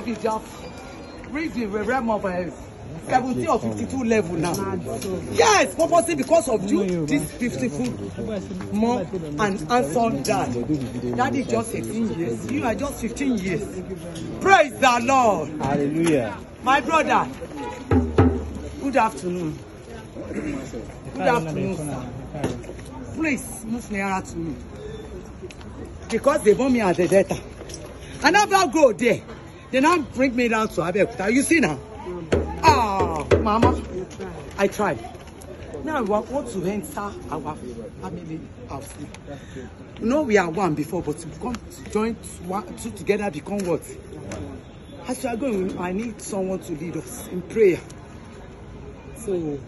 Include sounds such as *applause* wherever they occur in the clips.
to be just reading the realm of uh, 17 or 52 level now. Yes, purposely because of you, this beautiful mom and handsome dad. Daddy is just 18 years. You are just 15 years. Praise the Lord. Hallelujah. My brother, good afternoon. Good afternoon, sir. Please move nearer to me. Because they want me as a debtor. And I've got go there. They not bring me down to Abeokuta. You see now? Ah, oh, Mama. I tried. Now we want to enter our family house. You know we are one before, but to become to join two together become what? As we are going, I need someone to lead us in prayer. So,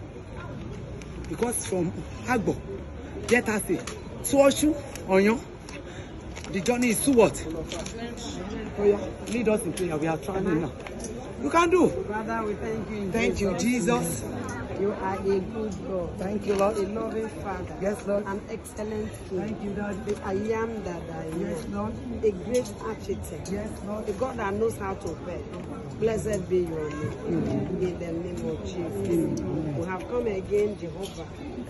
because from Agbo, Jetase, to Osun, Oyon, The journey is to what? lead us in prayer. We are traveling now. You can do. Father, we thank you. thank you, Jesus. You are a good God. Thank you, Lord. A loving Father. Yes, Lord. An excellent King. Thank you, Lord. I am that I am. Yes, Lord. A great architect. Yes, Lord. A God that knows how to pray. Blessed be your name. Mm-hmm. In the name of Jesus. Mm-hmm. We have come again, Jehovah.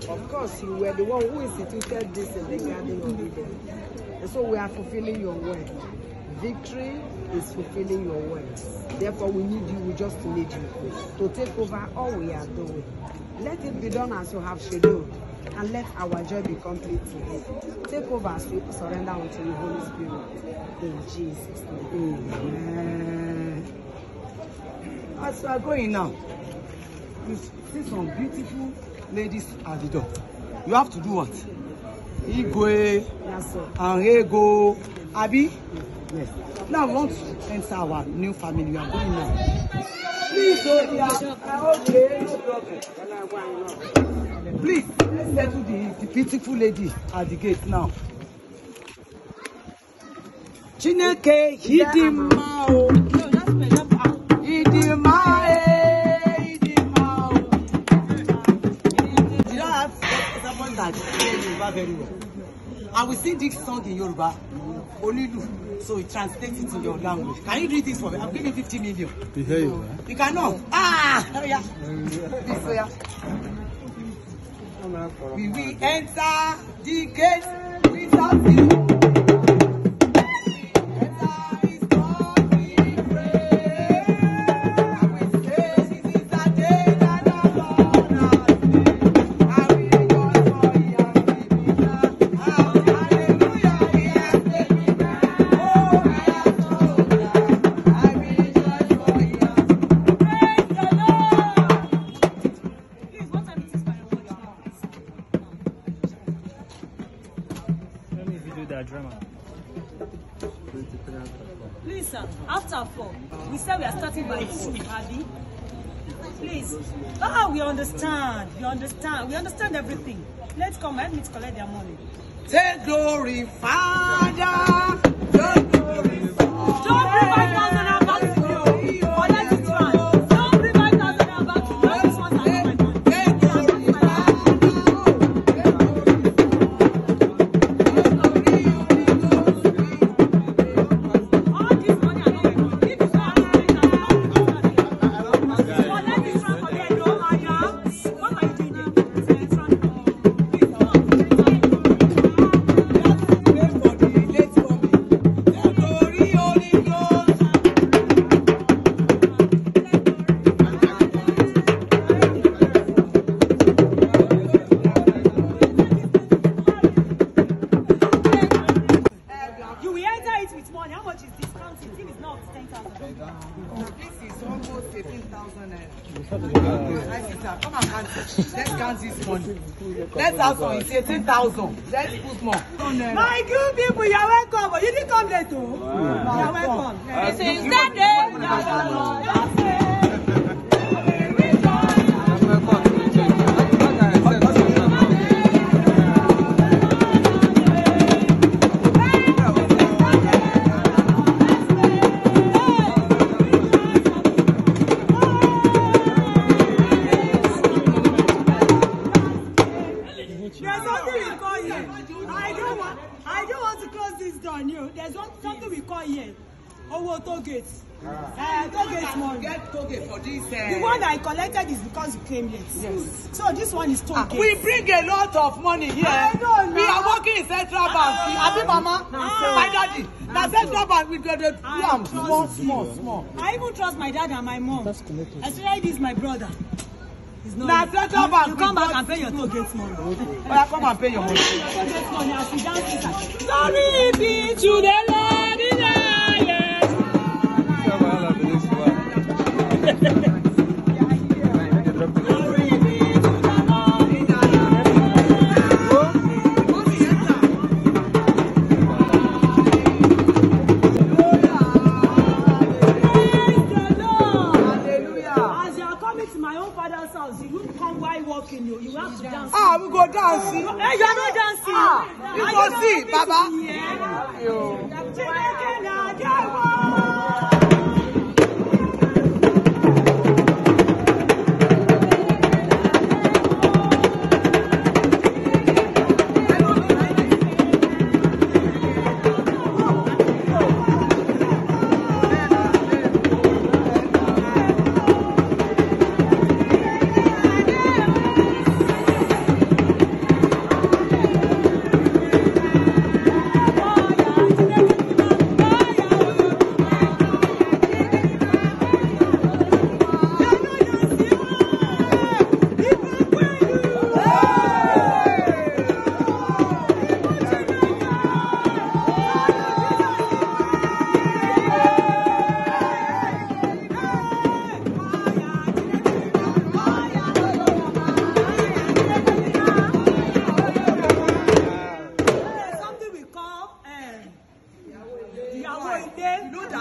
Of course, you were the one who instituted this in the Garden of Eden. And so we are fulfilling your word. Victory is fulfilling your words. Therefore, we need you. We just need you to take over all we are doing. Let it be done as you have scheduled, and let our joy be complete today. Take over as we surrender unto the Holy Spirit. In Jesus' name. Amen. As we are going now, you see some beautiful ladies at the door. You have to do what? Igwe. And Anrego. Abi? Yes. Now we want to enter our new family. We are going now. Please, oh yeah. Uh, okay, no problem. Please, let's settle the, the beautiful lady at the gate now. Chineke, hidi mao. Oh. Hidi mao. Hidi eh, mao. Oh. You don't have someone that knows you very well. And we sing this song in Yoruba, Onilu. So we translate it in your language. Can you read this for me? I'm giving 50 million. You you? cannot. Ah! Oh, this way. Oh, we will enter the gate without you. We understand everything. Let's come and let's collect their money. Take glory, Father. thousand it's eighteen thousand let's put more. my good people you're are welcome you didn't come late too. You're welcome. this is that day Ah. Eh, no toll gate. Ah. Uh, toll money. get toll for this. Uh... the one i collected is because you came late. yes so this one is toll uh, we bring a lot of money here. i don't know. we are working in central bank. Ah, abi mama ah. ah, my daddy na central bank we dey dey do am small small small. i even trust my dad and my mom especially this my brother. na central bank you come back and pay your toll gate money. oya come and pay your money. toll money as you dance with her. sorry bitch you dey late.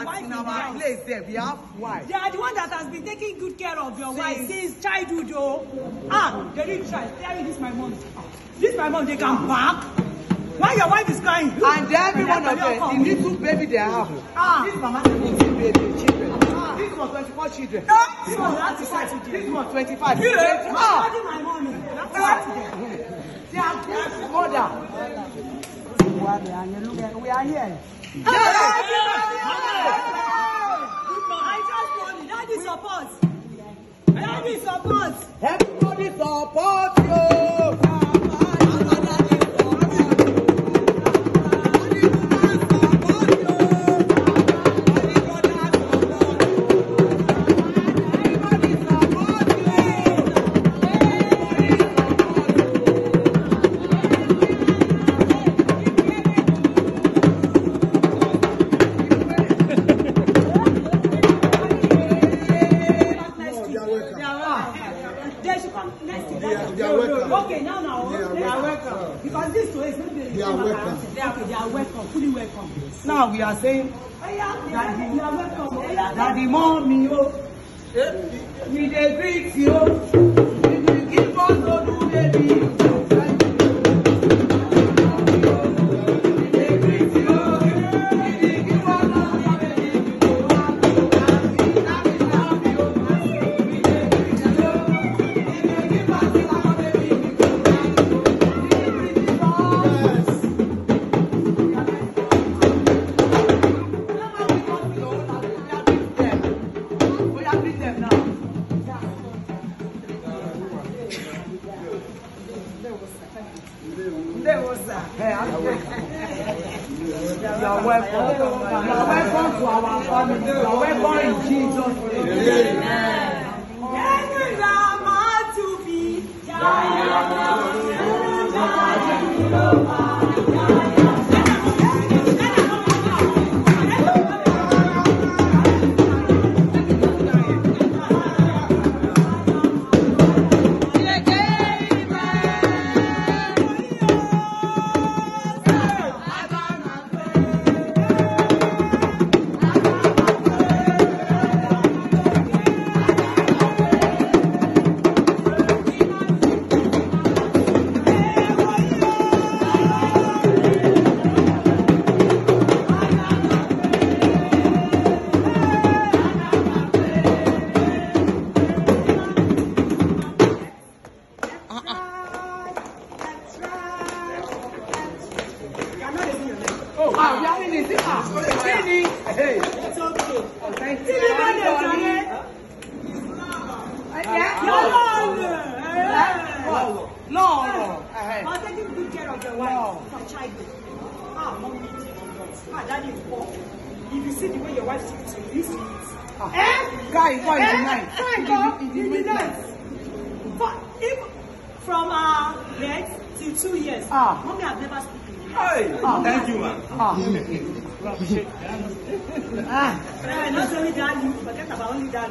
that wife in our place there, we have wife. They are the one that has been taking good care of your since, wife since childhood, oh. Ah, they didn't try. Tell you this, my mom. This, my mom, they can back. Why your wife is crying? And every one of them, the little baby they have. Ah. ah. This mama Little baby, children. Ah. This was 24 children. Ah. This was 25. This was 25. Yeah. Ah. my mommy. That's right. They are mother. We are here. Daddy support. Daddy support. Everybody support you. àbí àmìnì sípà kí ni kí ni bá lè jọlé. Lọ́ọ̀rọ̀ lọ́ọ̀rọ̀. I'm taking good care of the wife, my childhood. Ah, mommy, ah, daddy, poor. If you see the way your wife treats you, this is. Eh? Guy, why eh? you deny? Guy, go. You deny. For if from our legs till two years, ah. mommy has never spoken. Hi. Thank you, ma'am. Ah. Not only that, you forget about only that.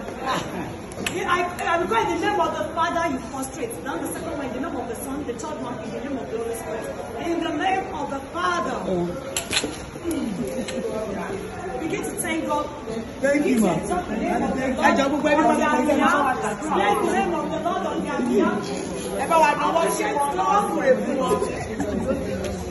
I, I because in the name of the Father you frustrate. Now the second one in the name of the Son, the third one in the name of the Holy Spirit. In the name of the Father. Oh. Begin to thank God. Thank you, ma. Thank you, ma. Thank you, ma. Thank the name of the Lord on their behalf. Ẹ bá wa náwó ṣe é tí wọ́n kúrè fún ọ.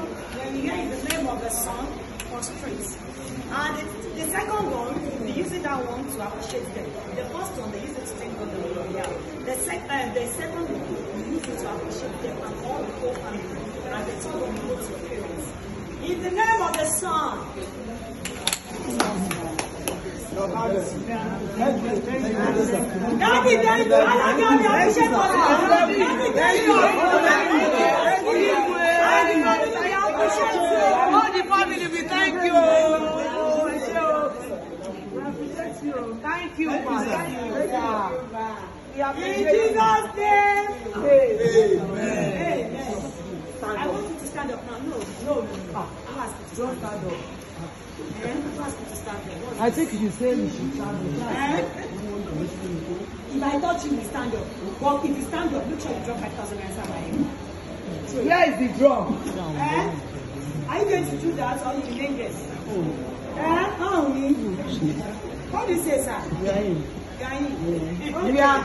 song, when hear the name of the song, for strings. And the second one, we use it that one to appreciate them. The first one, they use it to thank God the Lord. Yeah. The, sec uh, the second one, they use it to appreciate them and all the whole family. And the third one, go to parents. In the name of the song. Daddy, Daddy, I appreciate for that. Daddy, Daddy, Oh, the family, we thank you. Thank you, man. Thank you. We have In Jesus' name. Amen. Amen. I want you to stand up now. No, no, no. I'm ah, asking. Don't eh? stand up. I think you said you should stand up. Eh? If I thought you would stand up, but if you stand up, make sure you drop 5,000 naira. Where is the drum? Eh? Are you going to do that or you didn't get? Oh. Eh? How we? Oh, do you say, sir? Yayin. Yayin. Okay. Yeah.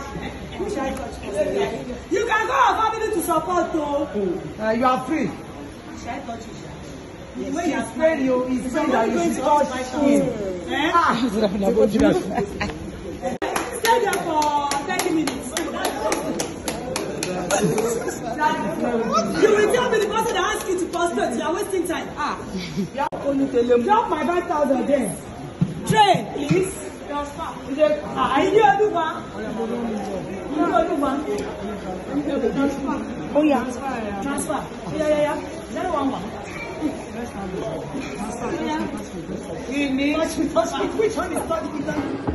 You can go for family to support though. Oh. Uh, you are free. Shall I touch you, sir? Yes, when you are praying, you is praying that you should touch him. Eh? Ah, he's laughing about you. *laughs* You will tell me the person that asked you to prostrate, you are wasting time. Ah. Drop my five thousand there. Train, please. Transfer. Ayé ah, Olúwa. Ayé Olúwa. Ó oh, yá. Transfer. Yá yá yá. Zero one one. Transfer. Yeah. Touch me, touch me. Which one is touch me?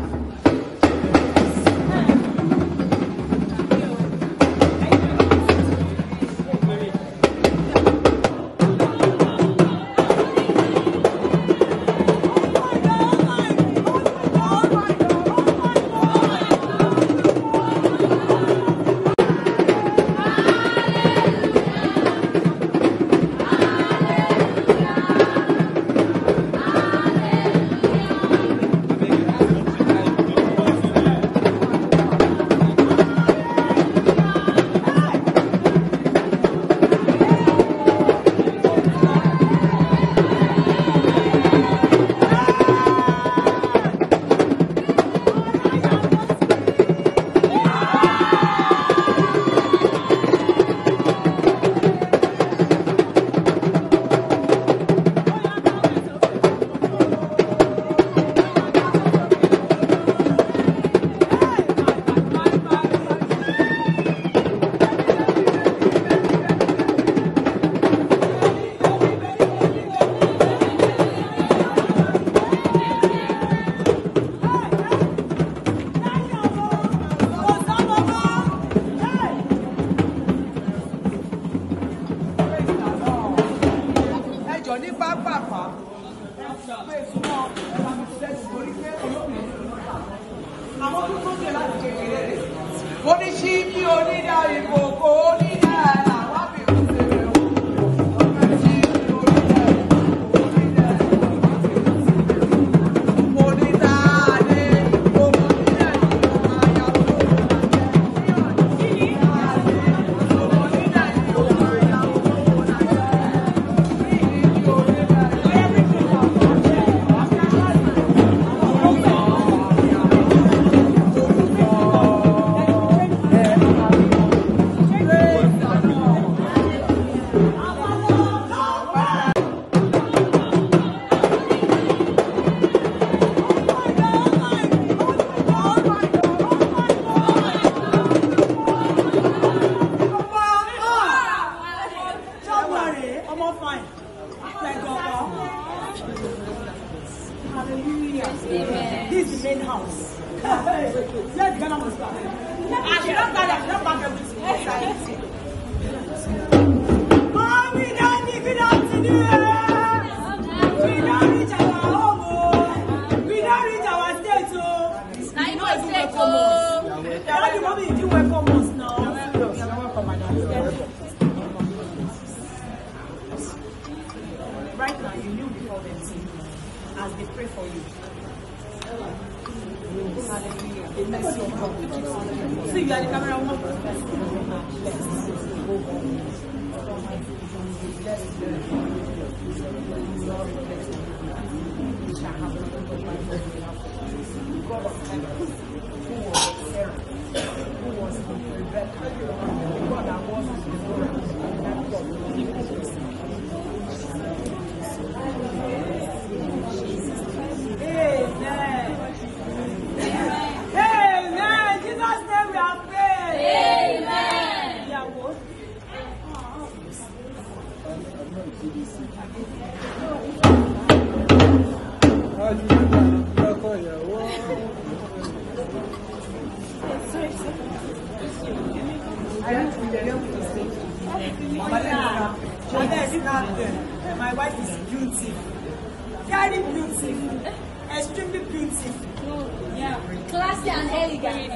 This is the main house. *laughs* Let Ghana must start. I should not die. I should not bag everything. Yes, I am. Mommy, daddy, good afternoon. Oh. Oh. Oh. Daddy, mommy, you welcome us now. You're welcome, madam. right now you kneel before them as they pray for you et merci aujourd'hui qu'ils sont là. S'il y a des caméras, on va Who was Sarah? Who was Rebecca? God, I was My wife is beautiful. Very beautiful. Extremely beautiful. Oh, yeah. Classy and elegant.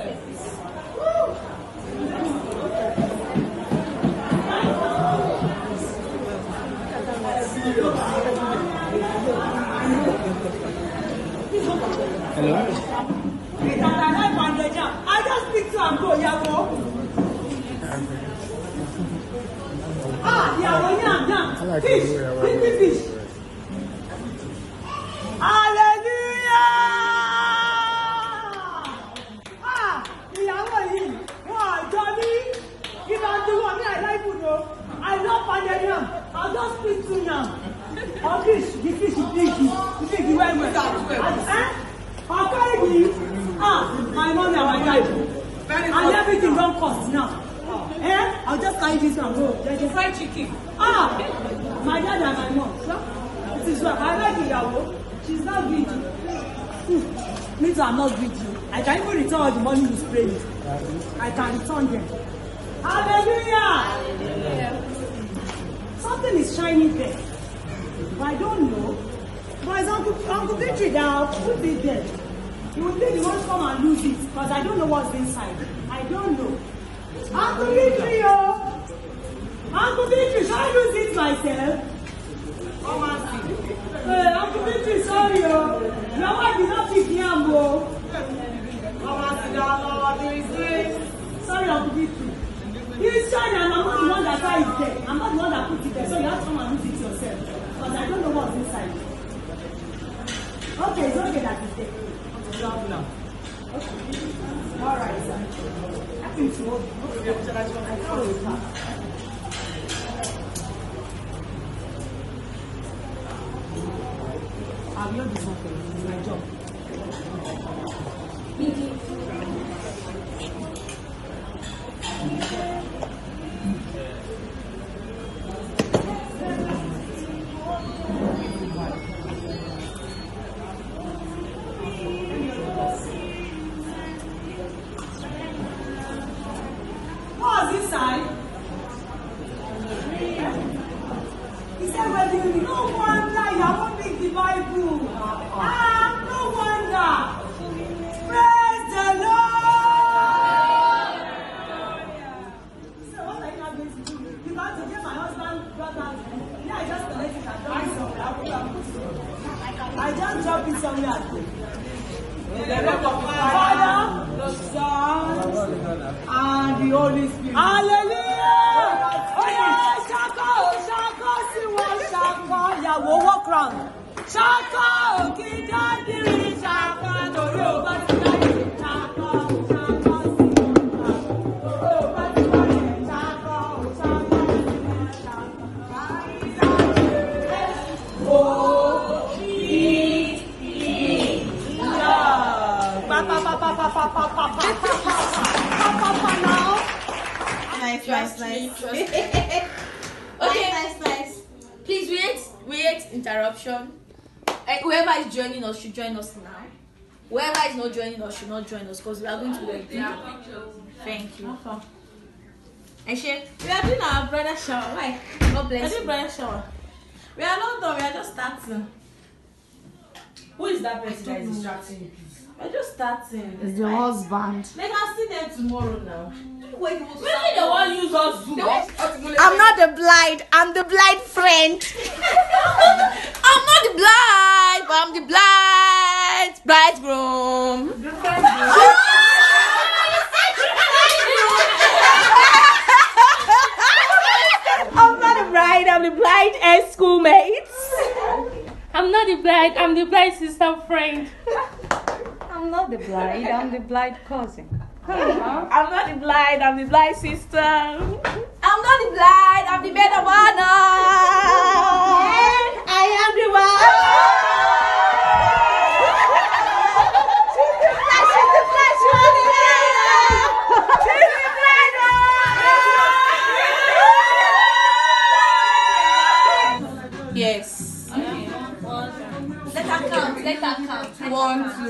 Hello? I just speak to Ango, Yabo. hallelujah ah ìyàwó yìí wọ́n àjọ ní kí ló dé wọ́n ní àìlá ibùdó I love pandemia I don speak to yam or fish the fish big the big well well ọkọ yìí ah my money our guy and everything don cost now. I'll just carry this one. go. There's a fried chicken. Ah, my dad and my mom. Sure. It is what I like Ìyàwó. She's not greedy. Hmm. Me too, I'm not greedy. I can even return all the money you spray me. I can return them. Hallelujah. Something is shining there. But I don't know. But it's Uncle, Uncle Victory that will be there. You will think you won't come and lose it because I don't know what's inside. I don't know. Uncle Dimitri, yo. Uncle Dimitri, should I do this myself? Oh, man. Hey, Uncle Dimitri, sorry, yo. Your wife did not with me, Ambo. Sorry, Uncle Dimitri. You trying and I'm not the one that car is there. I'm not the one that put it there, so you have to come and use it yourself. Because I don't know what's inside. Okay, it's okay that it's there. Okay. All right, sir. 아니요. and the Holy Spirit. Hallelujah! Oya ṣakọ ṣakọ Shaka! wọn ṣakọ ìyàwó work round. Ṣakọ òkè nice, nice, nice. okay. Nice, nice, nice. Please wait, wait, interruption. And eh, whoever is joining us should join us now. Whoever is not joining us should not join us because we are going to wait. Yeah. Thank you. And she. we are doing our brother shower. Why? God bless you. brother shower. We are not done. We are just starting. Who is that person that is distracting you? I just starting. It's your husband. Let us see them tomorrow now. Wait, Maybe they won't use us *laughs* I'm not the blind. I'm the blind friend. *laughs* I'm not the blind, but I'm the blind bridegroom. I'm not a bride, I'm the blind ex schoolmates. I'm not the bride. I'm the blind sister friend. I'm not the blind, I'm the blind cousin. *laughs* I'm not the blind, I'm the blind sister. I'm not the blind, I'm the better one. And I am the one. She's the blind, she's the blind, she's the blind. Yes. Okay. Let her count, let her count. One, two.